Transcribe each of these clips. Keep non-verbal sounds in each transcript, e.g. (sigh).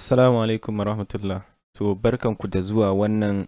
Assalamu alaikum wa rahmatullah. To barkanku da zuwa wannan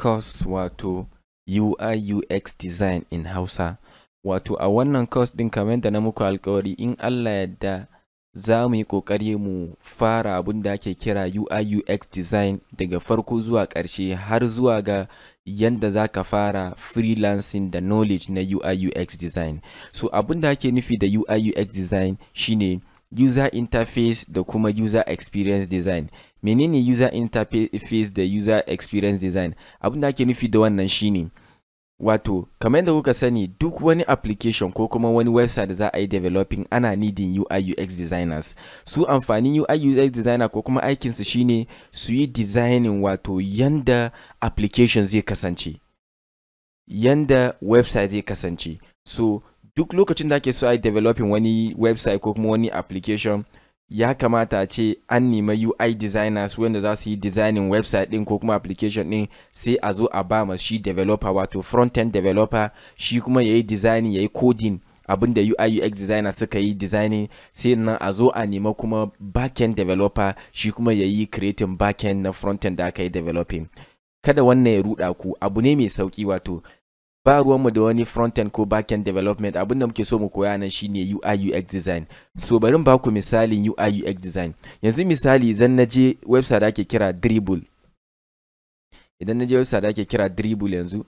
course wato UI UX design in Hausa. Wato a wannan course din kamar da na muku alkawari in Allah yadda za mu yi kokari mu fara abin da ake kira UI UX design daga farko zuwa ƙarshe har zuwa ga yanda za ka fara freelancing da knowledge na UI UX design. So abin da ake nufi da UI UX design shine user interface da kuma user experience design menene user interface da user experience design abin da ake nufi da wannan shine wato kamar yadda kuka sani duk wani application ko kuma wani website da za a yi developing ana needing UI UX designers su amfanin UI UX designer ko kuma aikinsu shine su yi designing wato yanda application zai kasance yanda website zai kasance so duk lokacin da ake so a yi developing wani website ko kuma wani application ya kamata a ce an nemi UI designers wanda za su yi designing website din ko kuma application din sai a zo a ba ma shi developer wato front-end developer shi kuma ya yi designing ya yi coding abinda UI UX designer suka yi designing sai nan a zo a nema kuma back-end developer shi kuma ya yi creating back-end na front-end da aka yi developing kada wannan ya ruɗa ku abu ne mai sauki wato ba ruwanmu da wani front-end ko back-end development abinda muke so mu koya nan shine UI UX design so bari ba ku misalin UI UX design yanzu misali zan naje website da ake kira dribble idan naje website da ake kira dribble yanzu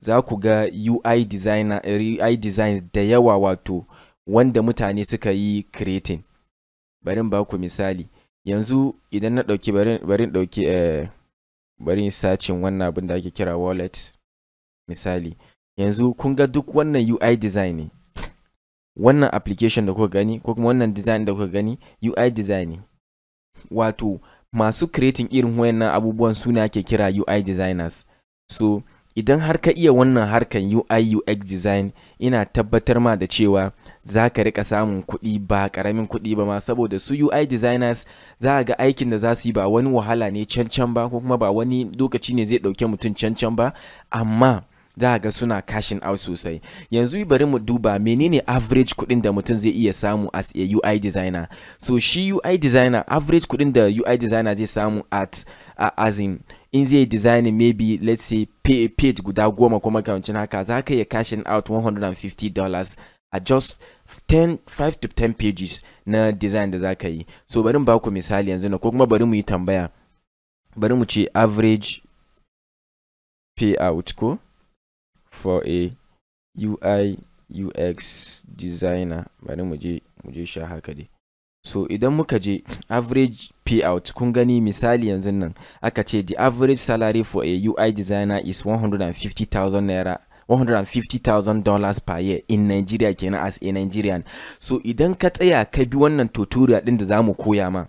za ku ga UI designer UI designs da yawa wato wanda mutane suka yi creating bari ba ku misali yanzu idan na dauki bari bari dauki eh bari searching wannan abin da ake kira wallet misali yanzu kun ga duk wannan UI design ne wannan application da kuka gani ko kuma wannan design da kuka gani UI design ne wato masu creating irin wayannan abubuwan suna ake kira UI designers so idan har ka iya wannan harkan UI UX design ina tabbatar ma da cewa za ka rika samun kuɗi ba ƙaramin kuɗi ba ma saboda su UI designers za ga aikin da za su yi ba wani wahala ne cancan ba ko kuma ba wani lokaci ne zai ɗauke mutum cancan ba amma za ga suna cashing out sosai yanzu bari mu duba menene average kuɗin da mutum zai iya samu as a UI designer so shi UI designer average kuɗin da UI designer zai samu at uh, as in in zai design maybe let's say page guda goma kuma kawancin haka za ka iya cashing out 150 dollars a just 10 5 to 10 pages na design da za ka yi so bari mu ba misali yanzu na ko kuma bari mu yi tambaya bari mu ce average payout ko for a UI UX designer bari mu je mu je sha haka dai so idan muka je average payout kun gani misali yanzu nan aka ce the average salary for a UI designer is 150,000 naira 150,000 dollars per year in Nigeria kenan as a Nigerian so idan ka tsaya ka bi wannan tutorial din da zamu koya ma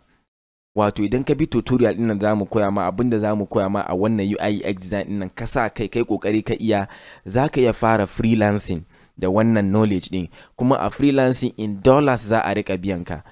wato idan ka bi tutorial din nan zamu koya ma abinda zamu koya ma a wannan UI UX design din nan ka kai kai kokari ka iya zaka iya fara freelancing da wannan knowledge din kuma a freelancing in dollars za a rika biyan ka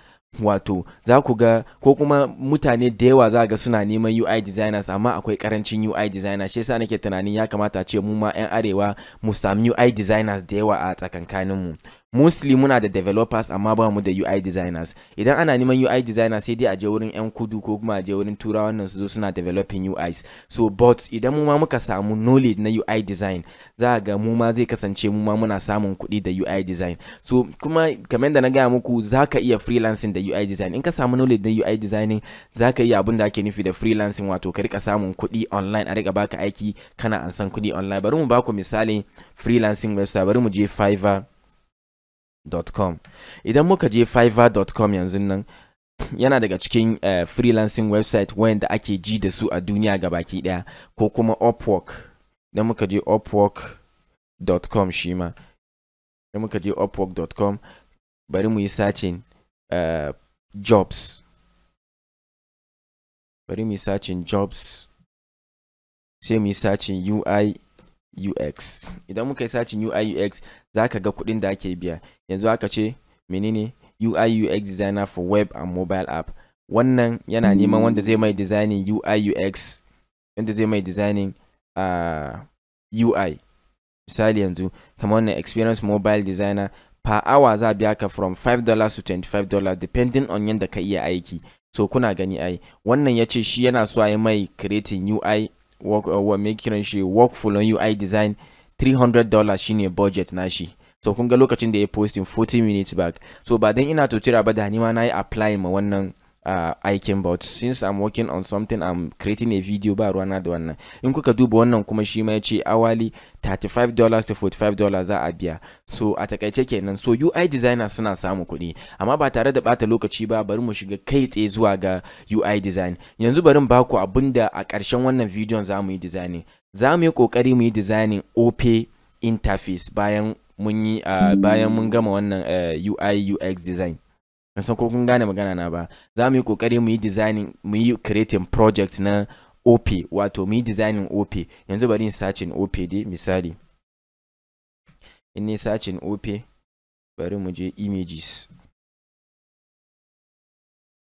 wato za ku ga ko kuma mutane da yawa za ga suna neman UI designers amma akwai karancin UI designers shi yasa nake tunanin ya kamata ce mu ma 'yan arewa mu sami UI designers da yawa a tsakankaninmu mu mostly muna da developers amma ba mu da UI designers idan ana neman UI designers sai dai a je wurin yan kudu ko kuma a je wurin turawan nan su zo suna developing UIs so but idan mu ma muka samu knowledge na UI design za ga mu ma zai kasance mu ma muna samun kuɗi da UI design so kuma kamar da na gaya muku za iya freelancing da UI design in ka samu knowledge na UI designing za iya abin da ake nufi da freelancing wato ka rika samun kuɗi online a rika baka aiki kana an san kudi online bari mu baku misalin freelancing website bari mu je Fiverr fiverr.com idan muka je fiverr.com yanzu nan yana daga cikin uh, freelancing website wanda ake ji da su a duniya ga baki daya ko kuma upwork idan muka je upwork.com shi ma idan muka je upwork.com bari mu yi searching uh, jobs bari mu yi searching jobs sai mu yi searching ui UX idan muka yi sacin UI UX zaka ga kudin da ake biya yanzu aka ce menene UI UX designer for web and mobile app wannan yana neman wanda zai mai designing UI UX wanda zai mai designing uh, ah, UI misali yanzu kamar wannan experience mobile designer per hour za biya ka from $5 to $25 depending on yanda ka iya aiki so kuna gani ai wannan ya ce shi yana so a yi mai creating UI work uh, me kiran shi work full on UI design $300 shine budget nashi so kun ga lokacin da ya posting 40 minutes back so ba dan ina to tira ba da ni ma nayi apply ma wannan uh, aikin but since i'm working on something i'm creating a video ba ruwana da wannan in kuka duba wannan kuma shi ma ya ce awali 35 dollars to 45 dollars za a biya so a takaice kenan so ui designer suna samu kuɗi amma ba tare da bata lokaci ba bari mu shiga kai tsaye zuwa ga ui design yanzu bari mu baku abun da a ƙarshen wannan bidiyon za mu yi designing za mu yi ƙoƙari mu yi designing op interface bayan mun yi uh, bayan mun gama wannan uh, ui ux design ban san ko kun gane magana na ba za mu yi kokari mu yi designing mu yi creating project na op wato mu yi designing op yanzu bari in searching op dai misali in ni searching op bari mu je images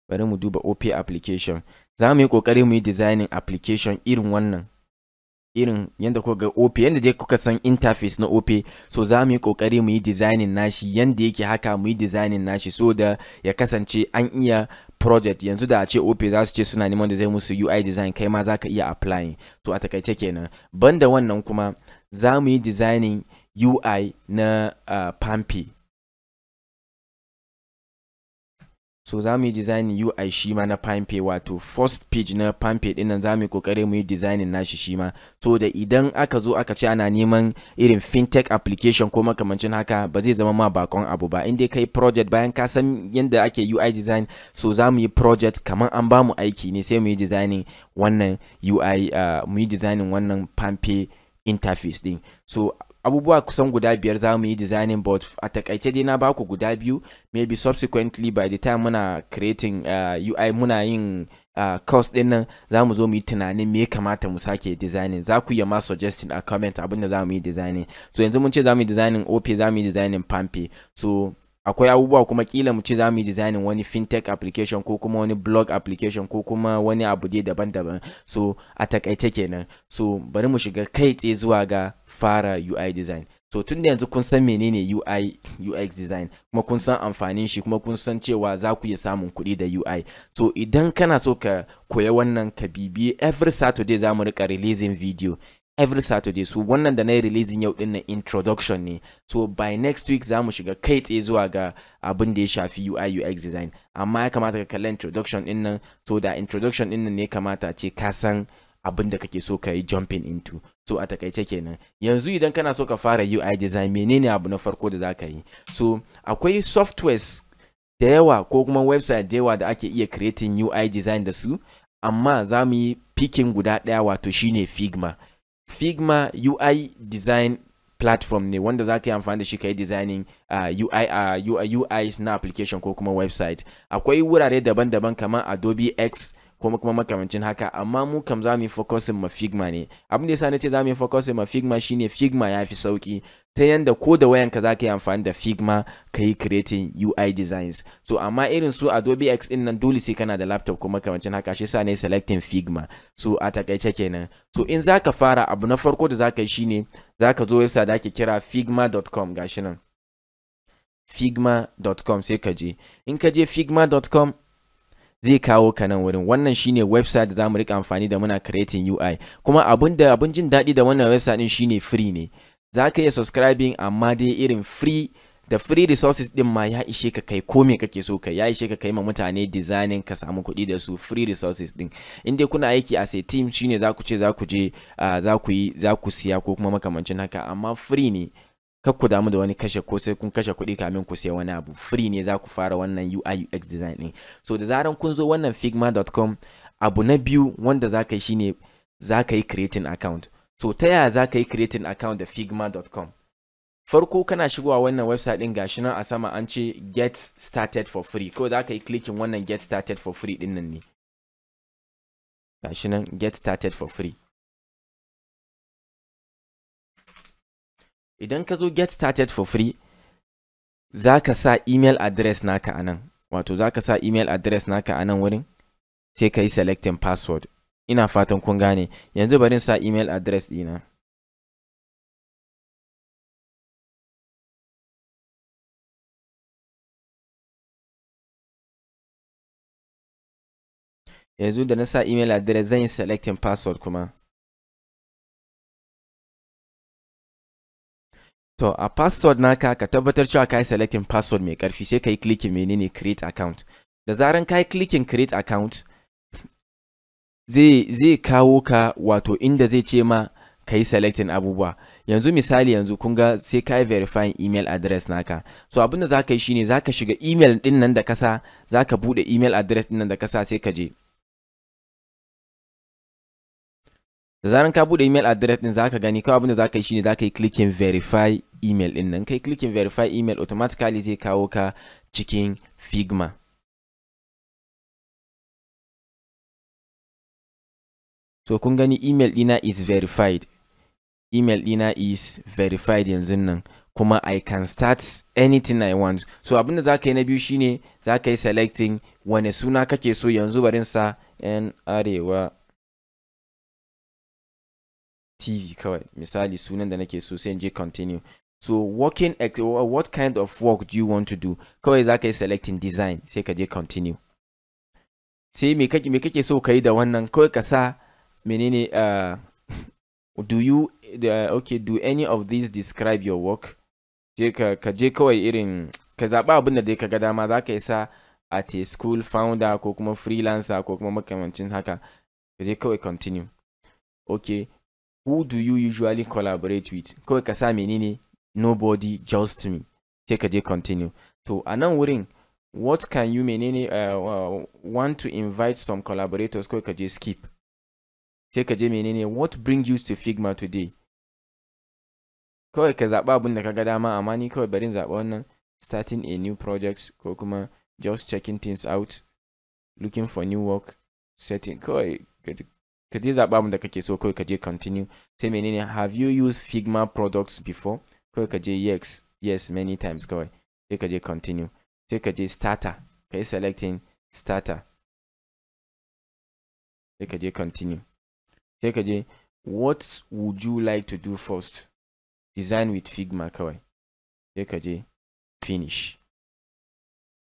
bari mu duba op application za mu yi kokari mu yi designing application irin wannan irin yadda kuka ga OP yadda dai kuka san interface na OP so za mu yi kokari mu yi designing nashi yadda yake haka mu yi designing nashi so da ya kasance an iya project yanzu da a ce OP za su ce suna neman da zai musu UI design kai ma za ka iya applying to a takaice kenan banda wannan kuma za mu yi designing UI na uh, Pampi so za mu yi design UI shi ma na PinePay wato first page na PinePay din nan za mu yi kokari mu yi designing nashi shi ma so da idan aka zo aka ce ana neman irin fintech application ko makamancin haka ba zai zama ma bakon abu ba inda kai project bayan ka san yadda ake UI design so za mu yi project kamar an bamu aiki ne sai mu yi designing wannan UI uh, ah, mu yi designing wannan interface din so abubuwa kusan guda biyar za mu yi designing but a takaice dai na baku guda biyu maybe subsequently by the time muna creating uh, UI muna yin uh, course din nan za mu zo mu yi tunanin me kamata mu sake designing za ku iya ma suggesting a comment abin da za mu yi designing so yanzu mun ce za mu yi designing OP za mu yi designing Pampe so akwai abubuwa kuma kila mu ci za mu yi designing wani fintech application ko kuma wani blog application ko kuma wani abu dai daban-daban so a takaice kenan so bari mu shiga kai tse zuwa ga fara UI design so tun da yanzu kun san menene UI UX design kuma kun san amfanin shi kuma kun san cewa za ku iya samun kuɗi da UI so idan kana so ka koya wannan ka bibi every Saturday za mu rika releasing video every saturday so wannan da na yi releasing yau din na introduction ne so by next week za mu shiga kai tsaye zuwa ga abin da ya shafi ui ux design amma ya kamata ka kalla introduction din nan so da introduction din nan ne kamata ce ka san abin da kake so ka yi jumping into so a takaice kenan yanzu idan kana so ka fara ui design menene abu na farko da za ka yi so akwai softwares da yawa ko kuma website da yawa da ake iya creating ui design da su amma za mu yi picking guda ɗaya wato shine figma figma ui design platform ne wanda zaka yi amfani da shi ka yi designing uh, ah, UI, ah, UI, UIs na application ko kuma website akwai wurare daban-daban kamar Adobe X kuma kuma makamancin haka amma mu kam za mu yi focusing ma figma ne abin da yasa nace za mu yi focusing ma figma shine figma ya fi sauki ta yanda ko da wayanka za ka yi amfani da figma ka yi creating UI designs so amma irin su Adobe X din nan dole sai kana da laptop kuma makamancin haka shi yasa ne selecting figma so a takaice kenan so in zaka fara abu na farko da zaka yi shine za ka zo website da ake kira figma.com gashi nan figma.com sai ka je in ka je figma.com zai kawo ka nan wurin wannan shine website da zamu rika amfani da muna creating UI kuma abun da abun jin dadi da wannan website din shine free ne zaka iya subscribing amma dai irin free da free resources din ma ya ishe ka kai ko me kake so kai ya ishe ka kai ma mutane designing ka samu kuɗi da su free resources din in dai kuna aiki as a team shine za ku ce za je ah, za ku yi za ku siya ko kuma makamancin haka amma free ne kar ku damu da wani kashe ko sai kun kashe kuɗi kamin ku sai wani abu free ne za ku fara wannan UI UX design ɗin so da zaran kun zo wannan figma.com abu na biyu wanda za ka yi shine za ka yi creating account so ta yaya za ka yi creating account da figma.com farko kana shigowa wannan website ɗin gashi nan a sama an ce get started for free ko za ka yi clicking wannan get started for free ɗin nan ne gashi nan get started for free idan ka zo get started for free za ka sa email address naka a nan wato za ka sa email address naka a nan wurin sai ka yi selecting password ina fatan kun gane yanzu barin sa email address dina yanzu da na sa email address zan yi selecting password kuma To a password naka ka tabbatar cewa ka yi selecting password mai karfi sai ka yi clicking menene create account. Da zaran kai yi clicking create account zai kawo ka wato inda zai ce ma ka yi selecting abubuwa. Yanzu misali yanzu kun ga sai ka yi verifying email address naka. So abin da za ka yi shine za ka shiga email din nan da kasa za ka buɗe email address din nan da kasa sai ka je. da zaran ka bude email address din zaka gani kawai abin da zaka yi shine zaka yi clicking verify email din nan kai clicking verify email automatically zai kawo ka cikin Figma so kun gani email dina is verified email dina is verified yanzu nan kuma I can start anything I want so abinda za yi na biyu shine za ka yi selecting wane suna kake so yanzu barin sa 'yan arewa tv kawai misali sunan da nake so sai in je continue so working what kind of work do you want to do kawai za ka yi selecting design sai ka je continue sai me kake so ka yi da wannan kawai ka sa menene uh, (laughs) do you uh, okay do any of these describe your work je ka, ka je kawai irin ka zaɓa abin da dai ka ga dama za ka yi sa a te school founder ko kuma freelancer ko kuma makamancin haka ka je kawai continue okay who do you usually collaborate with kawai ka sa menene nobody just me sai ka je continue to a wurin what can you menene uh, uh, want to invite some collaborators kawai ka je skip sai ka je menene what brings you to figma today kawai ka zaɓa abin da ka ga dama amma ni kawai barin wannan starting a new project ko kuma just checking things out looking for new work setting kawai ka je zaɓa abin da kake so kawai ka je continue sai menene have you used figma products before kawai ka je yes yes many times kawai sai ka je continue sai ka je starter ka yi selecting starter sai ka je continue sai ka je what would you like to do first design with figma kawai sai ka je finish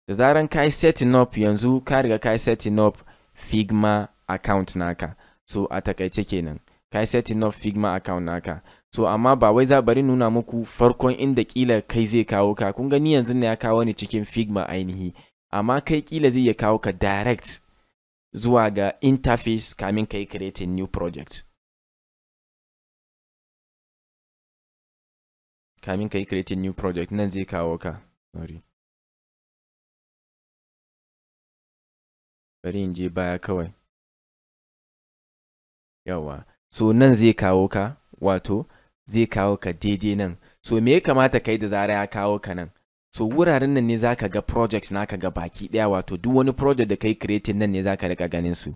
da zaran ka yi setting up yanzu ka riga ka yi setting up figma account naka so a takaice kenan kai yi setting of figma account naka so amma ba wai za bari nuna muku farkon inda kila kai zai kawo ka kun gani yanzu ne ya kawo ni cikin figma ainihi amma kai kila zai ya kawo ka direct zuwa ga interface kamin kai creating new project kamin kai creating new project nan zai kawo ka sorry bari in je baya kawai yawa so nan zai kawo ka wato zai kawo ka daidai nan so me ya kamata kai da zara ya kawo ka nan so wuraren nan ne zaka ga project naka ga baki daya wato duk wani project da kai creating nan ne zaka rika ganin su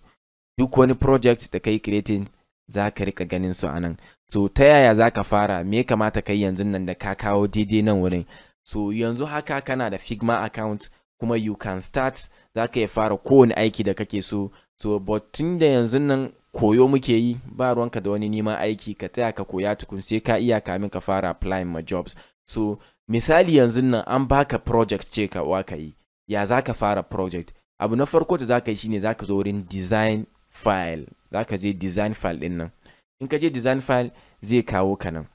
duk wani project da kai creating zaka rika ganin su anan so ta yaya zaka fara me ya kamata kai yanzu nan da ka kawo daidai nan wurin so yanzu haka kana da figma account kuma you can start zaka iya fara kowane aiki da kake so so but tun da yanzu nan koyo muke yi ba ruwanka da wani neman aiki ka taya ka koya tukun sai ka iya kamin ka fara applying ma jobs so misali yanzu nan an baka project ce ka wa yi ya za ka fara project abu na farko da za ka yi shine za ka zo wurin design file za ka je design file din nan in ka je design file zai kawo ka nan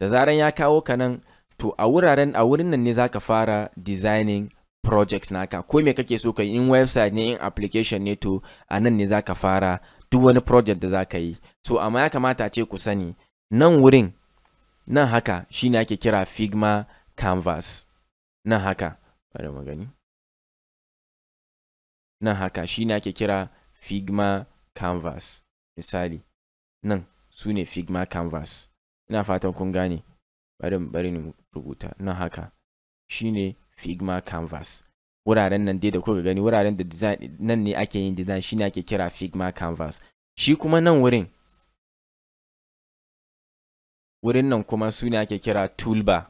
da zaran ya kawo ka nan to a wuraren a wurin nan ne za ka fara designing projects naka ko me kake so kai in website ne in application ne to a nan ne zaka fara duk wani project da zaka yi so amma ya kamata a ce ku sani nan wurin nan haka shine ake kira figma canvas nan haka bari mu gani nan haka shine ake kira figma canvas misali nan su figma canvas ina fatan kun gane bari bari ni rubuta nan haka shine Figma Canvas. Wuraren nan dai da kuka gani wuraren da design nan ne ake yin design shine ake kira Figma Canvas. Shi kuma nan wurin wurin nan kuma su ne ake kira toolbar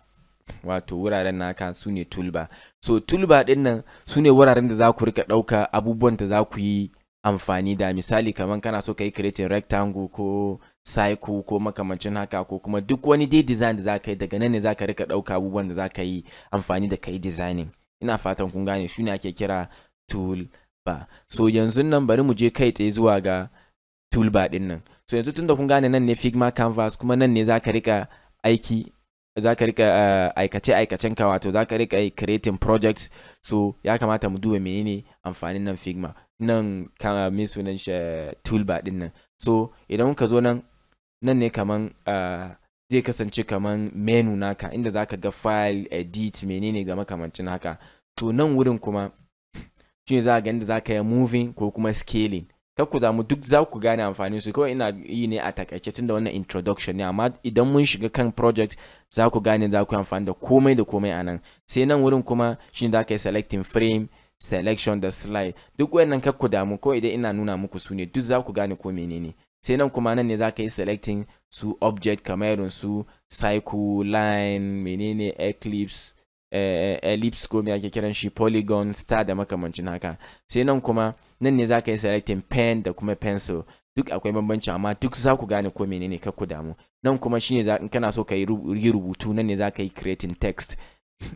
wato wuraren naka su ne toolbar so toolbar din nan su ne wuraren da za ku rika ɗauka abubuwan da za ku yi amfani da misali kamar kana so ka yi creating rectangle ko cycle ko makamancin haka ko kuma duk wani dai design da za ka yi daga nan ne za ka rika ɗauka abubuwan da za ka yi amfani da kai yi designing ina fatan kun gane shi ne ake kira tool ba so yanzu nan bari mu je kai tsaye zuwa ga ba din nan so yanzu tunda kun gane nan ne figma canvas kuma nan ne za ka rika aiki za ka rika eh, aikace aikacen ka wato za ka rika creating projects so ya kamata mu duba menene amfanin nan figma nan kan mai sunan eh, ba din nan so idan ka zo nan nan ne kaman ah, zai kasance kaman menu naka inda zaka ga file edit menene ga makamancin haka to nan wurin kuma (sniffs) shine za ga inda zaka yi moving ko kuma scaling kar ku damu duk za ku gane amfanin su kawai ina yi ne a takaice da wannan introduction ne amma idan mun shiga kan project za ku gane za ku yi amfani da komai da komai a nan sai nan wurin kuma shine za ka yi selecting frame selection da slide duk wayannan kar ku damu ko idan ina nuna muku su ne duk za ku gane ko menene sai nan kuma nan ne za ka yi selecting su object kamar irin su cycle line menene eclipse eh, ellipse ko ake kiran shi polygon star da makamancin haka sai nan kuma nan ne za ka yi selecting pen da kuma pencil duk akwai bambanci amma duk za ku gane ko menene ka ku damu nan kuma shine za in kana so ka yi rubutu nan ne za ka yi creating text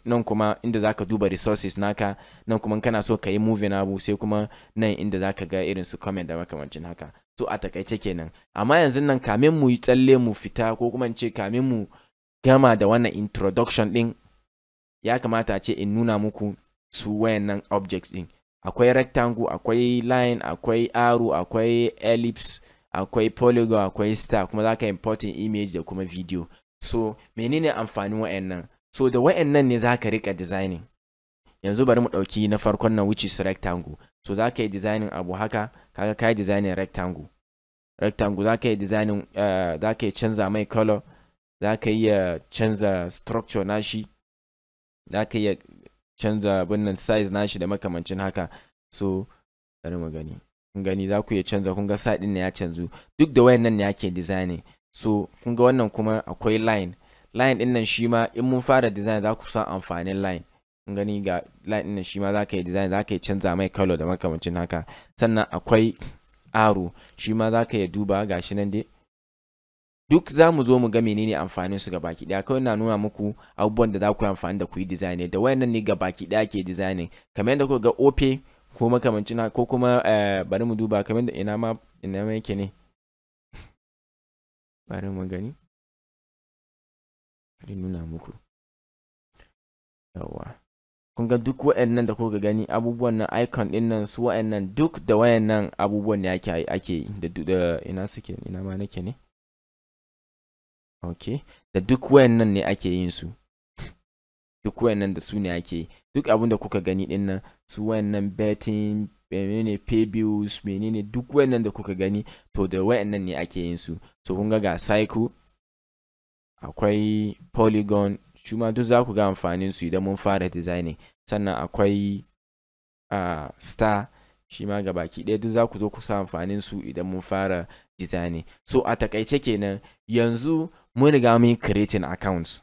nan kuma inda za ka duba resources naka nan kuma kana so ka yi moving abu sai kuma nan inda za ka ga irin su comment da makamancin haka Su a takaice kenan amma yanzu nan kamin mu yi tsalle mu fita ko kuma in ce kamin mu gama da wannan introduction din ya kamata a ce in nuna muku su wayannan objects din akwai rectangle akwai line akwai arrow akwai ellipse akwai polygon akwai star kuma za ka importing image da kuma video so menene amfanin wayannan so da wayannan ne za ka rika designing yanzu bari mu ɗauki na farkon nan which is rectangle so za ka yi designing abu haka kaga ka yi designing rectangle rectangle za ka yi designing eh, za ka yi canza mai color za ka yi canza structure nashi za ka yi canza wannan size nashi da makamancin haka so bari mu gani kun gani za ku iya canza kun ga side din ne ya canzu duk da wayannan ne yake designing so kun ga wannan kuma akwai line line din nan shi ma in mun fara design za ku san amfanin line gani ga light shi ma za ka yi design za ka yi canza mai color da makamancin haka sannan akwai aro shi ma za ka yi duba ga shi nan dai duk za mu zo mu ga menene amfanin su baki daya kawai na nuna muku abubuwan da za ku yi amfani da ku yi design da wayannan ne baki daya ke design kamar yadda kuka ga ope ko makamancin ko kuma eh, bari mu duba kamar yadda ina ma ina ma yake ne (laughs) bari mu gani bari nuna muku yawa kun ga duk nan da kuka gani abubuwan nan icon din nan su nan duk da nan abubuwan ne ake ake yi da da ina suke ina ma nake ne okay da duk wayannan ne ake yin su (laughs) duk nan da su ne ake yi duk abin da kuka gani din nan su wayannan betting menene pay bills menene duk wayannan da kuka gani to da nan ne ake yin su so kun ga ga cycle akwai polygon Shuma duk za ku ga amfanin su idan mun fara designing sannan akwai star shi ma ga baki ɗaya duk za ku zo ku sa amfanin su idan mun fara designing so a takaice kenan yanzu mun riga mun yi creating accounts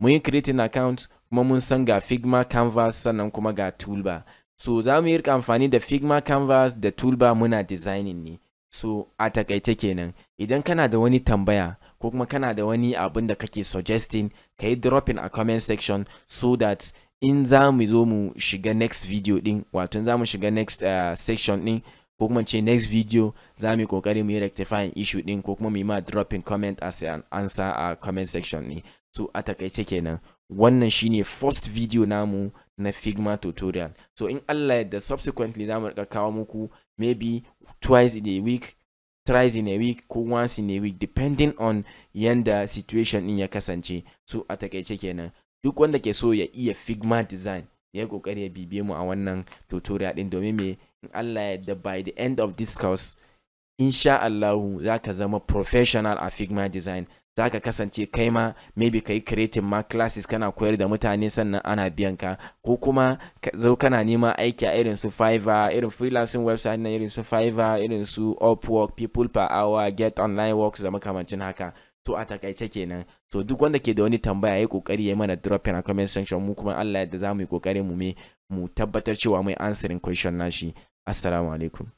mun yi creating accounts kuma mun san ga figma canvas sannan kuma ga toolbar so za mu yi amfani da figma canvas da toolbar muna designing ne so a takaice kenan idan kana da wani tambaya ko kuma kana da wani abin da kake suggesting ka yi dropping a comment section so that in za mu zo mu shiga next video din wato za mu shiga next uh, section din ko kuma ce next video za mu yi kokari mu yi rectifying issue din ko kuma mu yi ma dropping comment as an answer a comment section ne so a takaice kenan wannan shine first video namu na Figma tutorial so in Allah da subsequently za mu kawo muku maybe twice in a week thrice in a week ko once in a week depending on yanda situation din ya kasance so a takaice kenan duk wanda ke so ya iya figma design ya kokari ya bibiye mu a wannan tutorial din domin me in Allah ya da by the end of this course insha Allahu za ka zama professional a figma design za ka kasance kai ma maybe ka yi creating ma classes kana koyar da mutane sannan ana biyan ka ko kuma zo kana neman aiki a irin su Fiverr irin freelancing website na irin su Fiverr irin su Upwork people per hour get online works da makamancin haka to a takaice kenan so duk wanda ke da wani tambaya ya kokari ya mana drop in a comment section mu kuma Allah yadda za mu yi kokarin mu me mu tabbatar cewa mai answering question nashi assalamu alaikum